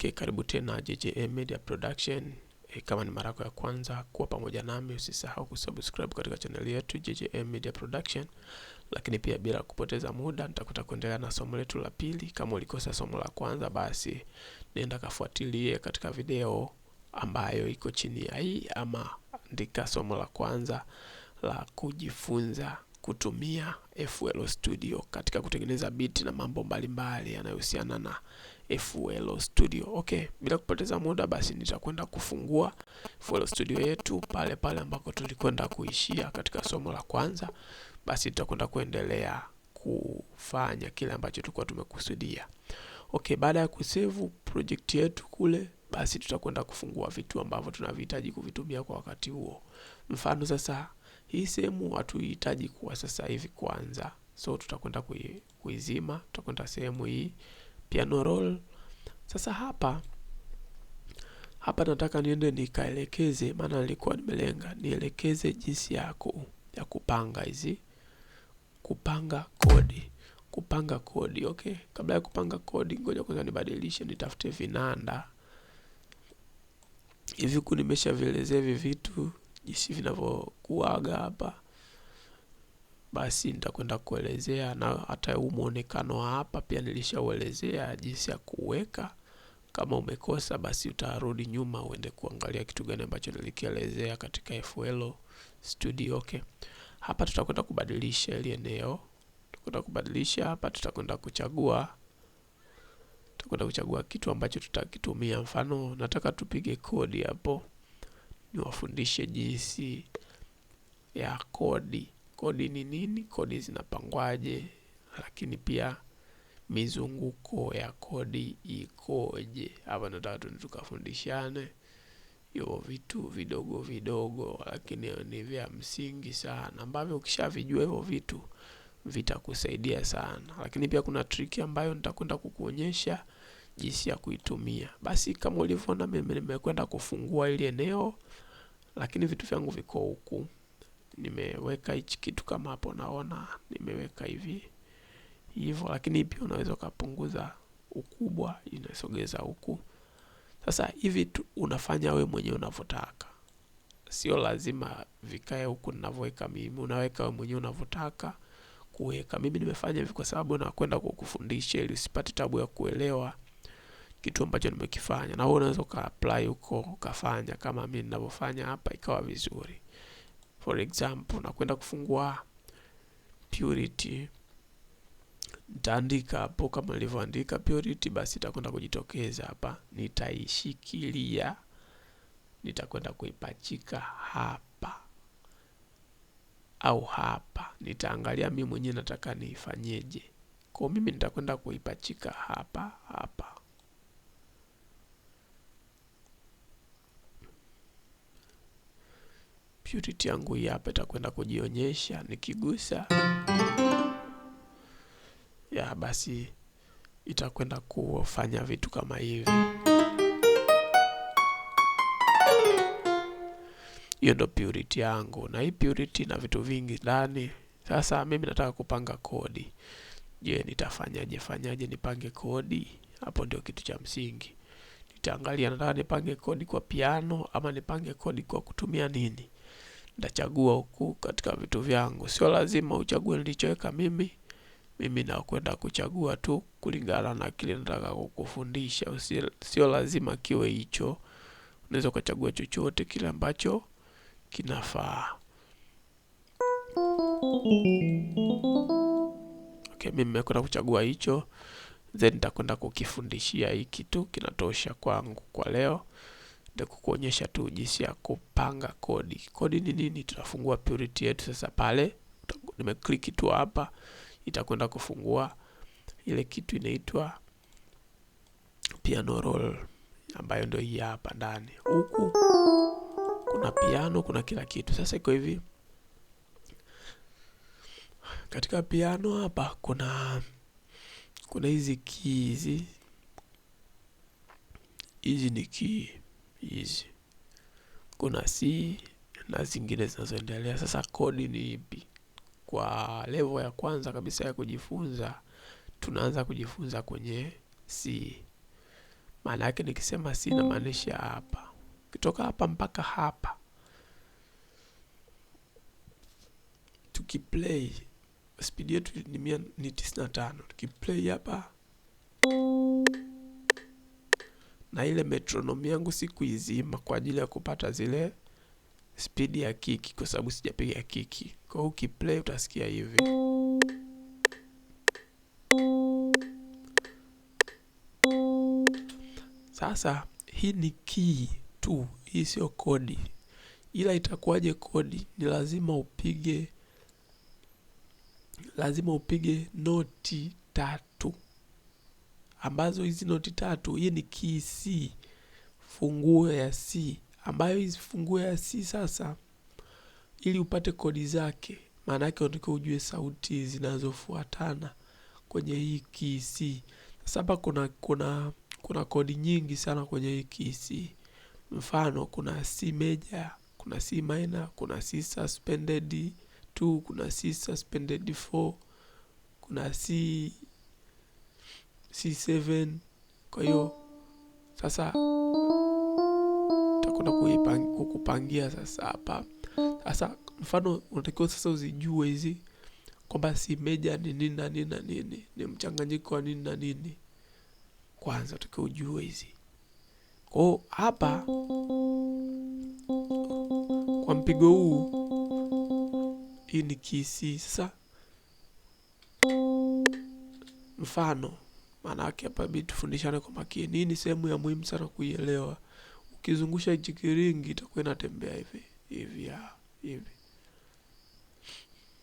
Okay, karibu tena JJA Media Production. E, kama ni mara yako ya kwanza kuwa pamoja nami, usisahau kusubscribe katika channel yetu JJA Media Production. Lakini pia bila kupoteza muda, nitakuta kuendelea na somo letu la pili. Kama ulikosa somo la kwanza, basi nenda kafuatilie katika video ambayo iko chini ya hii, ama andika somo la kwanza la kujifunza kutumia FL Studio katika kutengeneza biti na mambo mbalimbali yanayohusiana na FL Studio. Okay, bila kupoteza muda basi nitakwenda kufungua FL Studio yetu pale pale ambako tulikwenda kuishia katika somo la kwanza. Basi nitakwenda kuendelea kufanya kile ambacho tulikuwa tumekusudia. Okay, baada ya kusevu project yetu kule, basi tutakwenda kufungua vitu ambavyo tunavihitaji kuvitumia kwa wakati huo. Mfano sasa, hii sehemu hatuihitaji kwa sasa hivi kwanza, so tutakwenda kuizima, tutakwenda sehemu hii piano roll. Sasa hapa hapa nataka niende nikaelekeze, maana nilikuwa nimelenga nielekeze jinsi ya ku, ya kupanga hizi kupanga kodi kupanga kodi. Okay, kabla ya kupanga kodi, ngoja kwanza nibadilishe, nitafute vinanda hivi huku. Nimeshavielezea hivi vitu jinsi vinavyokuaga hapa basi nitakwenda kuelezea na hata huu mwonekano wa hapa pia nilishauelezea jinsi ya kuweka. Kama umekosa basi utarudi nyuma uende kuangalia kitu gani ambacho nilikielezea katika FL Studio. Okay, hapa tutakwenda kubadilisha ili eneo, tutakwenda kubadilisha hapa, tutakwenda kuchagua, tutakwenda kuchagua kitu ambacho tutakitumia. Mfano nataka tupige kodi hapo, niwafundishe jinsi ya kodi kodi ni nini, kodi zinapangwaje, lakini pia mizunguko ya kodi ikoje. Hapa nataka tukafundishane hiyo vitu vidogo vidogo, lakini ni vya msingi sana, ambavyo ukishavijua hivyo vitu vitakusaidia sana. Lakini pia kuna triki ambayo nitakwenda kukuonyesha jinsi ya kuitumia. Basi kama ulivyoona, mimi nimekwenda kufungua ili eneo, lakini vitu vyangu viko huku nimeweka hichi kitu kama hapo naona nimeweka hivi hivyo, lakini pia unaweza ukapunguza ukubwa, inasogeza huku. Sasa hivi tu, unafanya we mwenyewe unavyotaka, sio lazima vikae huku ninavyoweka mimi, unaweka we mwenyewe unavyotaka kuweka. Mimi nimefanya hivi kwa sababu nakwenda kukufundisha ili usipate tabu ya kuelewa kitu ambacho nimekifanya, na wewe unaweza ukaapply huko ukafanya kama mimi ninavyofanya hapa, ikawa vizuri for example, nakwenda kufungua Purity, nitaandika hapo kama nilivyoandika Purity, basi itakwenda kujitokeza hapa. Nitaishikilia, nitakwenda kuipachika hapa au hapa. Nitaangalia mimi mwenyewe nataka niifanyeje. Kwa mimi nitakwenda kuipachika hapa hapa purity yangu hii hapa itakwenda kujionyesha nikigusa ya basi itakwenda kufanya vitu kama hivi. Hiyo ndo purity yangu, na hii purity na vitu vingi ndani. Sasa mimi nataka kupanga kodi. Je, nitafanyaje? Fanyaje nipange kodi? Hapo ndio kitu cha msingi. Nitaangalia nataka nipange kodi kwa piano ama nipange kodi kwa kutumia nini? nitachagua huku katika vitu vyangu. Sio lazima uchague nilichoweka mimi, mimi nakwenda kuchagua tu kulingana na kile nataka kukufundisha. Sio lazima kiwe hicho, unaweza ukachagua chochote kile ambacho kinafaa. Okay, mimi nimekwenda kuchagua hicho, then nitakwenda kukifundishia hiki tu kinatosha kwangu kwa leo nitakuonyesha tu jinsi ya kupanga kodi. Kodi ni nini? Tutafungua Purity yetu sasa pale. Nimeclick tu hapa, itakwenda kufungua ile kitu inaitwa piano roll ambayo ndio hii hapa ndani. Huku kuna piano, kuna kila kitu. Sasa iko hivi, katika piano hapa kuna kuna hizi key hizi hizi ni key hizi kuna C na zingine zinazoendelea. Sasa kodi ni ipi? Kwa level ya kwanza kabisa ya kujifunza, tunaanza kujifunza kwenye C. Maana yake nikisema C namaanisha hapa, kitoka hapa mpaka hapa tukiplay spidi yetu ni 95 tukiplay hapa na ile metronomi yangu kuizima kwa ajili ya kupata zile spidi ya kiki, kwa sababu sijapiga kiki. Kwa hiyo ukiplay utasikia hivi sasa. Hii ni key tu, hii sio kodi. Ila itakuwaje kodi? Ni lazima upige, lazima upige noti tatu ambazo hizi noti tatu, hii ni key C, funguo ya C, ambayo hizi funguo ya C sasa, ili upate kodi zake, maana yake unataka ujue sauti zinazofuatana kwenye hii key C. Sasa hapa kuna kuna kuna kodi nyingi sana kwenye hii key C. Mfano kuna C major, kuna C minor, kuna C suspended 2, kuna C suspended 4, kuna C C7. Kwa hiyo sasa takwenda kukupangia sasa hapa. Sasa mfano unatakiwa sasa uzijue hizi kwamba si meja ni nini na nini na nini, ni mchanganyiko wa nini na nini. Kwanza takiwa ujue hizi kwao hapa kwa mpigo huu, hii ni kisi. Sasa mfano maana yake hapa bidi tufundishane kwa makini. Hii ni sehemu ya muhimu sana kuielewa. Ukizungusha hichi kiringi itakuwa inatembea hivi hivi ya hivi,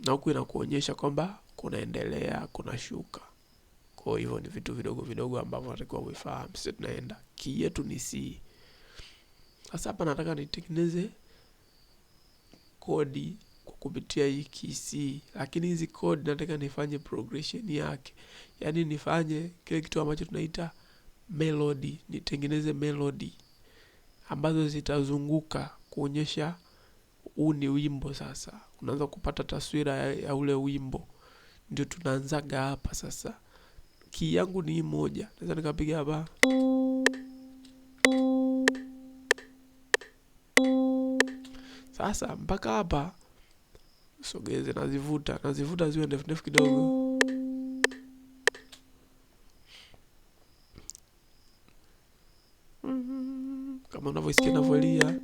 na huku inakuonyesha kwamba kunaendelea, kunashuka. Kwa hivyo ni vitu vidogo vidogo ambavyo natakiwa uifahamu. Sisi tunaenda key yetu ni si. Sasa hapa nataka nitengeneze kodi kupitia hii KC, lakini hizi code nataka nifanye progression yake, yani nifanye kile kitu ambacho tunaita melody, nitengeneze melody ambazo zitazunguka kuonyesha huu ni wimbo. Sasa unaanza kupata taswira ya, ya ule wimbo, ndio tunaanzaga hapa sasa. Kii yangu ni hii moja, naweza nikapiga hapa sasa mpaka hapa sogeze, nazivuta nazivuta ziwe ndefu ndefu kidogo. Kama unavyosikia ninavyolia,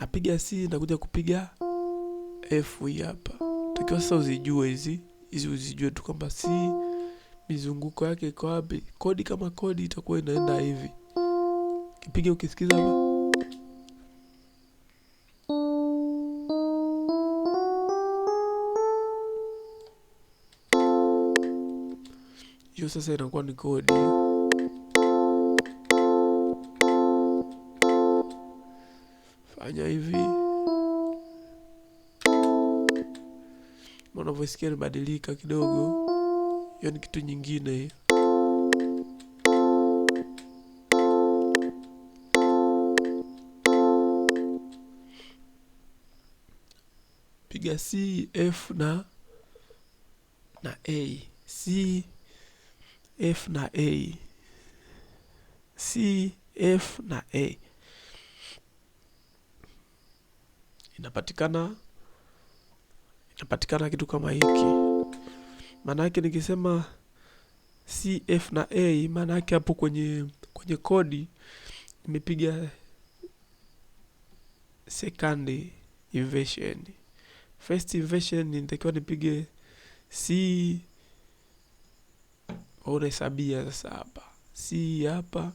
napiga si nakuja kupiga F hii hapa. Takiwa sasa uzijue hizi hizi, uzijue tu kwamba si mizunguko yake iko wapi. Kodi kama kodi itakuwa inaenda hivi, kipiga ukisikiza hapa hiyo sasa inakuwa ni kodi. Fanya hivi, mana voisikia yake inabadilika kidogo? Hiyo ni kitu nyingine. Piga C, F na na A C F na A, C, F na A inapatikana inapatikana kitu kama hiki. Maana yake nikisema C, F na A, maana yake hapo kwenye kwenye kodi nimepiga second inversion. First inversion nitakiwa nipige C unahesabia sasa, hapa si hapa,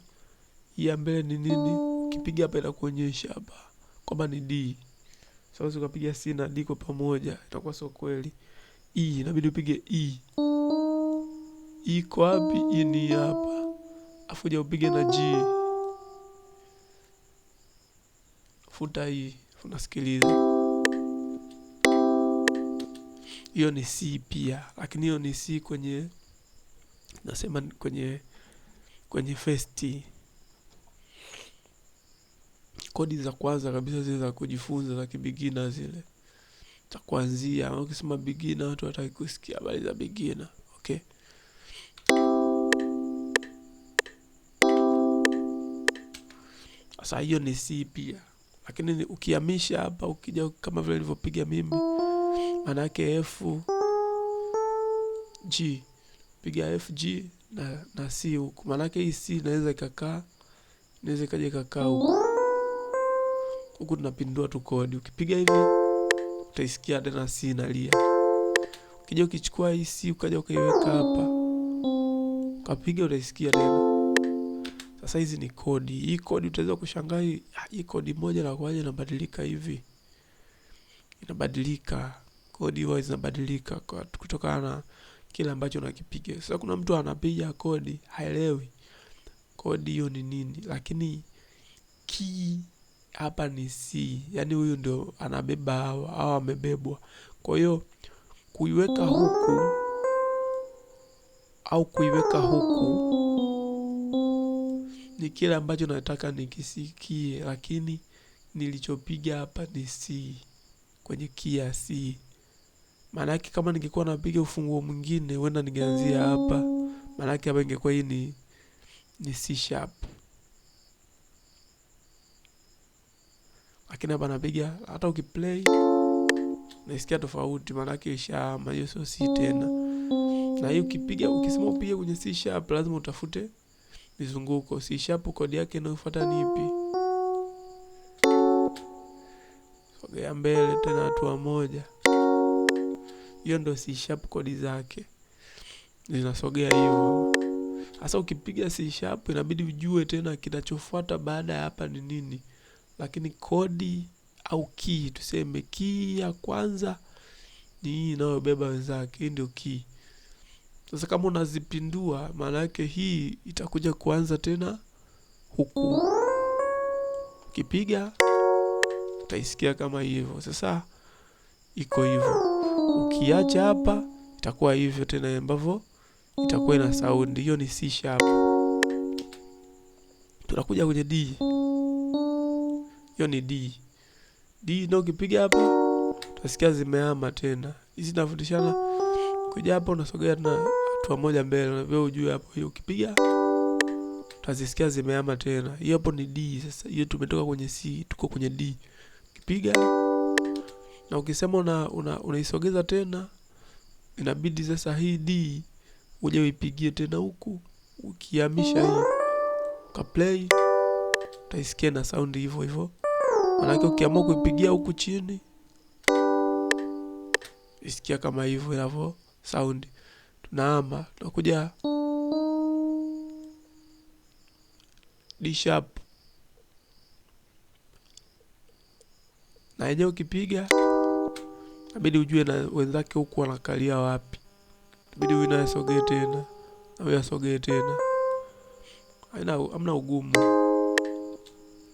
hii ya mbele ni nini? Ukipiga hapa inakuonyesha hapa kwamba ni D. Sasa so, ukapiga C na D kwa pamoja itakuwa sio kweli. E inabidi upige E. E kwa wapi? E ni hapa, afu uja upige na G, futa E, unasikiliza hiyo ni C pia, lakini hiyo ni C kwenye nasema kwenye kwenye festi kodi za kwanza kabisa zile za kujifunza za kibigina zile za kuanzia. Ukisema bigina, watu wataki kusikia habari za bigina. Okay, sasa hiyo ni C pia, lakini ukihamisha hapa, ukija kama vile nilivyopiga mimi, maana yake F G piga FG na, na C huku, maanake hii C inaweza ikakaa, inaweza ikaja ikakaa huku huku, tunapindua tu kodi. Ukipiga hivi utaisikia tena C inalia. Ukija ukichukua hii C ukaja ukaiweka hapa ukapiga, utaisikia tena. Sasa hizi ni kodi. Hii kodi utaweza kushangaa, hii kodi moja na kwaje inabadilika hivi, inabadilika kodi huwa zinabadilika kutokana na kile ambacho unakipiga. Sasa kuna mtu anapiga kodi haelewi kodi hiyo ni nini, lakini ki hapa ni si yani huyu ndio anabeba hawa au amebebwa. Kwa hiyo kuiweka huku au kuiweka huku ni kile ambacho nataka nikisikie, lakini nilichopiga hapa ni si kwenye kia si. Maanake kama ningekuwa napiga ufunguo mwingine huenda ningeanzia mm. hapa. Maanake hapa ingekuwa hii ni ni C sharp. Lakini hapa napiga hata ukiplay naisikia tofauti maanake ishahama hiyo sio C tena. Na hii ukipiga ukisema upige kwenye C sharp lazima utafute mizunguko. C sharp kodi yake inayofuata ni ipi? Sogea mbele tena hatua moja hiyo ndo C sharp kodi zake zinasogea hivyo. Sasa ukipiga C sharp inabidi ujue tena kinachofuata baada ya hapa ni nini, lakini kodi au key, tuseme key ya kwanza ni hii inayobeba wenzake, hii ndio key. Sasa kama unazipindua, maana yake hii itakuja kuanza tena huku, ukipiga utaisikia kama hivyo. Sasa iko hivyo ukiacha hapa itakuwa hivyo tena ambavyo itakuwa ina sound hiyo. Ni C sharp. Tunakuja kwenye D, hiyo ni D. D ndio ukipiga hapa utasikia zimehama tena. Hizi nafundishana kuja hapa, unasogea na hatua moja mbele, na wewe ujue hapo. Hiyo ukipiga utazisikia zimehama tena. Hiyo hapo ni D. Sasa hiyo tumetoka kwenye C, tuko kwenye D, ukipiga na ukisema una, una, unaisogeza tena inabidi sasa hii D uje uipigie tena huku ukihamisha hii play, utaisikia na saundi hivyo hivyo. Manake ukiamua kuipigia huku chini isikia kama hivyo inavyo saundi. Tunaama tunakuja D sharp na yenyewe ukipiga abidi ujue na wenzake huku wanakalia wapi. abidi huyu naye asogee tena. Na huyu asogee tena. Haina amna ugumu.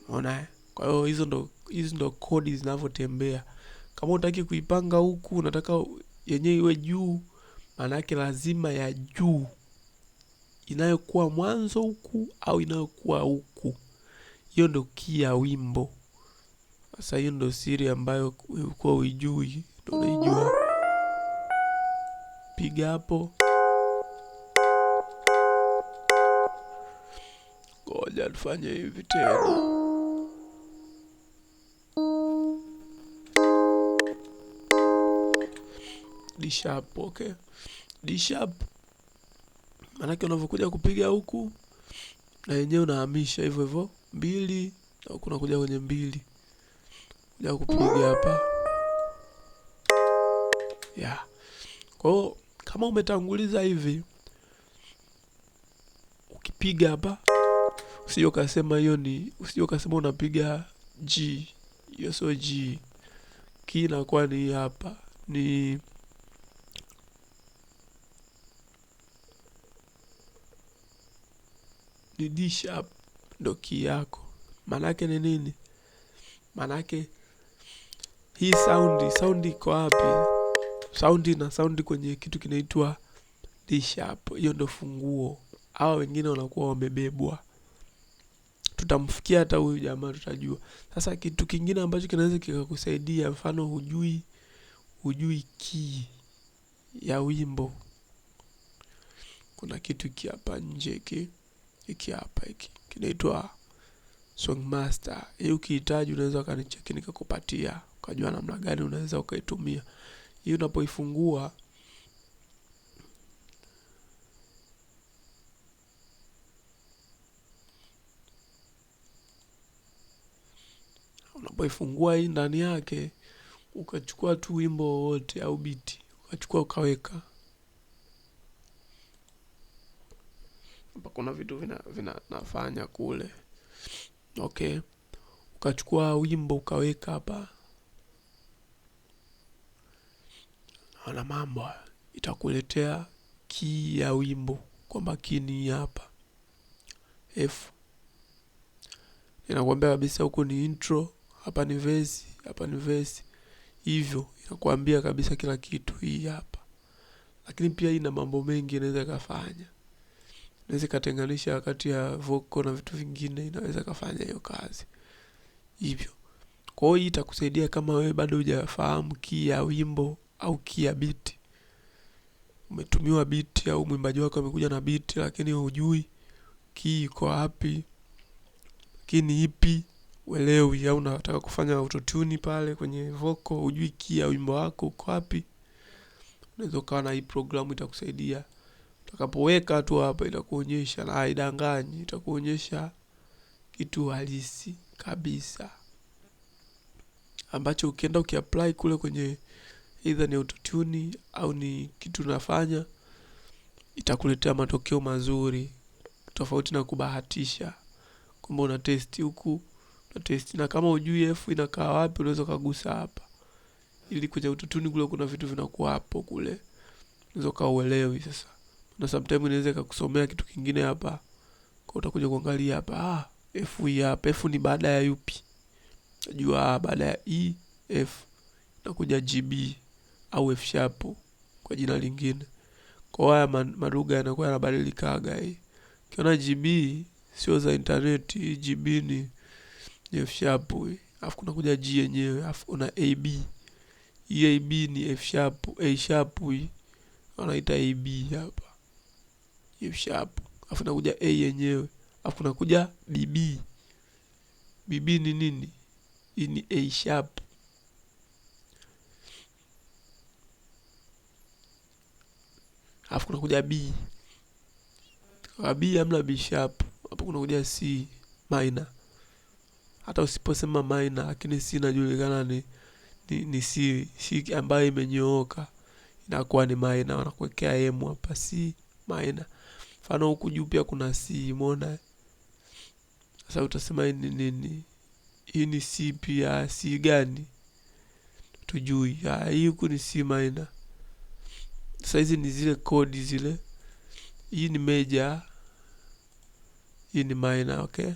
Unaona? Eh? Kwa hiyo hizo ndo hizo ndo kodi zinavyotembea. Kama unataka kuipanga huku, unataka yenye iwe juu, maana yake lazima ya juu inayokuwa mwanzo huku au inayokuwa huku. Hiyo ndo kia wimbo. Sasa hiyo ndo siri ambayo ulikuwa uijui tulijua. Piga hapo, ngoja tufanye hivi tena. D okay. D maanake unavyokuja kupiga huku na yenyewe unahamisha hivyo hivyo mbili, na huku unakuja kwenye mbili, kuja kupiga hapa yeah. Kwa hiyo kama umetanguliza hivi ukipiga hapa, usije ukasema hiyo ni, usije ukasema unapiga G, hiyo sio G. Ki inakuwa ni hapa ni ni D sharp ndo ki yako. Maanake ni nini? Maanake hii saundi saundi iko wapi? Saundi na saundi kwenye kitu kinaitwa dishap Hiyo ndo funguo. Hawa wengine wanakuwa wamebebwa. Tutamfikia hata huyu jamaa tutajua. Sasa kitu kingine ambacho kinaweza kikakusaidia, mfano hujui hujui key ya wimbo. Kuna kitu iki hapa nje ki iki hapa hiki kinaitwa Songmaster. Hii ukihitaji unaweza ukanicheki ukajua namna gani unaweza ukaitumia hii unapoifungua unapoifungua hii ndani yake ukachukua tu wimbo wowote au biti ukachukua ukaweka hapa kuna vitu vina, vina nafanya kule okay ukachukua wimbo ukaweka hapa na mambo itakuletea kii ya wimbo kwa makini hapa F inakwambia kabisa huku ni intro, hapa ni verse, hapa ni verse. Hivyo inakwambia kabisa kila kitu hii hapa, lakini pia ina mambo mengi inaweza ikafanya. Inaweza ikatenganisha kati ya vocal na vitu vingine, inaweza ikafanya hiyo kazi hivyo. Kwa hiyo itakusaidia kama wewe bado hujafahamu kii ya wimbo au kia biti. Umetumiwa biti au mwimbaji wako amekuja na biti lakini hujui kii iko wapi, kini ipi, uelewi au unataka kufanya autotune pale kwenye voko hujui kii ya wimbo wako uko wapi. Unaweza ukawa na hii programu itakusaidia. Utakapoweka tu hapa itakuonyesha na haidanganyi, itakuonyesha kitu halisi kabisa ambacho ukienda ukiapply kule kwenye either ni autotune au ni kitu unafanya itakuletea matokeo mazuri tofauti na kubahatisha kwamba una testi huku una testi na kama ujui F inakaa wapi unaweza kagusa hapa ili kwenye autotune kule kuna vitu vinakuwa hapo kule unaweza kauelewi sasa na sometimes inaweza ikakusomea kitu kingine hapa kwa utakuja kuangalia hapa ah F hii hapa F ni baada ya yupi najua ah, baada ya E F nakuja GB au F sharp kwa jina lingine. Kwa haya malugha yanakuwa yanabadilikaga. Ukiona GB sio za internet, GB ni F sharp. Alafu kuna kuja G yenyewe, alafu kuna AB. AB ni F sharp, A sharp hii wanaita AB hapa. F sharp. Alafu nakuja A yenyewe. Alafu kunakuja BB. BB ni nini? Hii ni A sharp. alafu kuja B. Kwa B hamna B sharp, hapo kuja C minor. Hata usiposema minor, lakini C inajulikana ni ni, ni C, C ambayo imenyooka inakuwa ni minor, wanakuwekea M hapa C minor. Mfano huku juu pia kuna C, umeona? Sasa utasema ni nini? Hii ni C pia, C gani? Tujui. Hii huku ni C minor. Sasa hizi ni zile kodi zile. Hii ni meja hii ni minor, okay?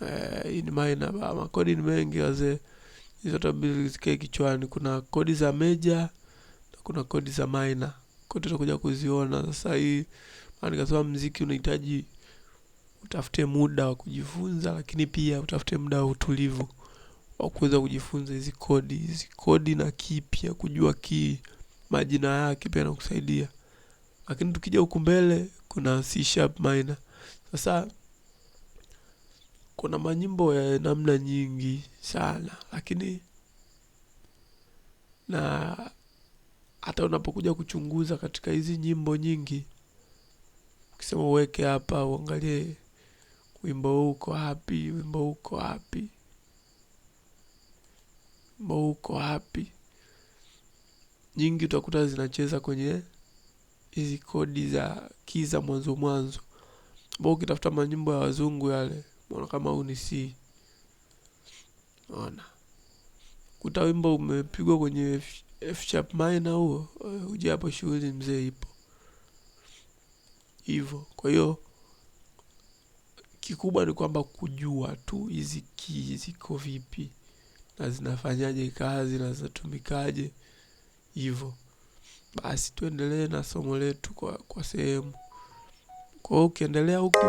Uh, hii ni maina makodi ni mengi wazee. Hizo tabili zikae kichwani. Kuna kodi za meja na kuna kodi za maina Kodi tutakuja kuziona sasa hii. nikasema mziki unahitaji utafute muda wa kujifunza, lakini pia utafute muda wa utulivu wa kuweza kujifunza hizi kodi, hizi kodi na kipya, kujua kii majina yake pia nakusaidia. Lakini tukija huku mbele kuna C sharp minor. Sasa kuna manyimbo ya namna nyingi sana, lakini na hata unapokuja kuchunguza katika hizi nyimbo nyingi, ukisema uweke hapa, uangalie wimbo huu uko wapi, wimbo huko uko wapi, wimbo uko wapi nyingi utakuta zinacheza kwenye hizi kodi za kiza mwanzo mwanzo, ambao ukitafuta manyimbo ya wazungu yale mona kama au ni si Ona kuta wimbo umepigwa kwenye F, F sharp minor, huo eh, uje hapo shughuli mzee ipo hivyo. Kwa hiyo kikubwa ni kwamba kujua tu hizi kii ziko vipi na zinafanyaje kazi na zinatumikaje hivyo. Basi tuendelee na somo letu kwa, kwa sehemu. Kwa hiyo ukiendelea huku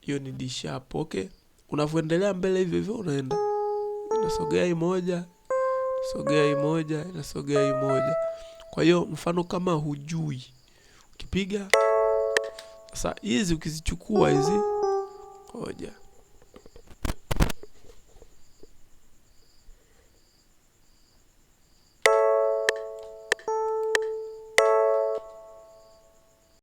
hiyo ni D sharp, okay? Unavyoendelea mbele hivyo hivyo unaenda. Inasogea imoja, sogea imoja, inasogea imoja. Kwa hiyo mfano kama hujui ukipiga sasa hizi ukizichukua hizi hoja